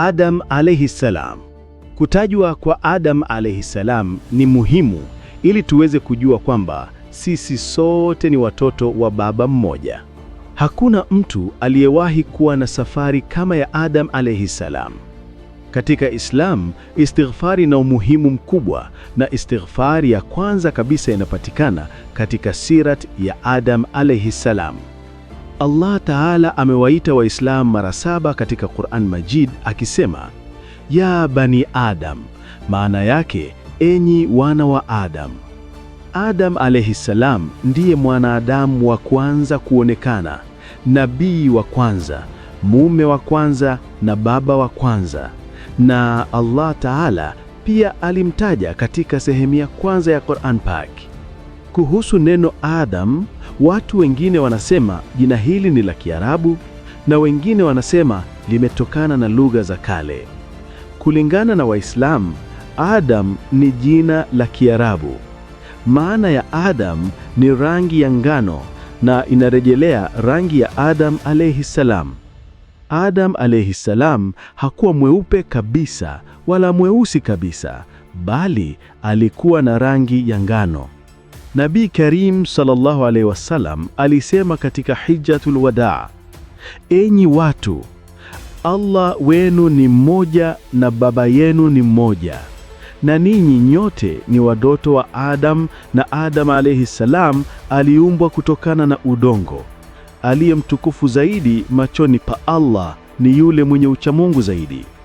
Adam alayhi salam. Kutajwa kwa Adam alayhi salam ni muhimu ili tuweze kujua kwamba sisi sote ni watoto wa baba mmoja. Hakuna mtu aliyewahi kuwa na safari kama ya Adam alayhi salam. Katika Islam, istighfari ina umuhimu mkubwa, na istighfari ya kwanza kabisa inapatikana katika sirat ya Adam alayhi salam. Allah Taala amewaita Waislamu mara saba katika Quran Majid akisema ya bani Adam, maana yake enyi wana wa Adam. Adam alayhi salam ndiye mwanadamu wa kwanza kuonekana, nabii wa kwanza, mume wa kwanza na baba wa kwanza, na Allah Taala pia alimtaja katika sehemu ya kwanza ya Quran Pak. Kuhusu neno Adam, watu wengine wanasema jina hili ni la Kiarabu na wengine wanasema limetokana na lugha za kale. Kulingana na Waislamu, Adam ni jina la Kiarabu. Maana ya Adam ni rangi ya ngano na inarejelea rangi ya Adam alayhi salam. Adam alayhi salam hakuwa mweupe kabisa wala mweusi kabisa, bali alikuwa na rangi ya ngano. Nabii Karim sallallahu alaihi wasallam alisema katika Hijjatul Wadaa, enyi watu, Allah wenu ni mmoja na baba yenu ni mmoja na ninyi nyote ni watoto wa Adam na Adam alaihi salam aliumbwa kutokana na udongo. Aliye mtukufu zaidi machoni pa Allah ni yule mwenye uchamungu zaidi.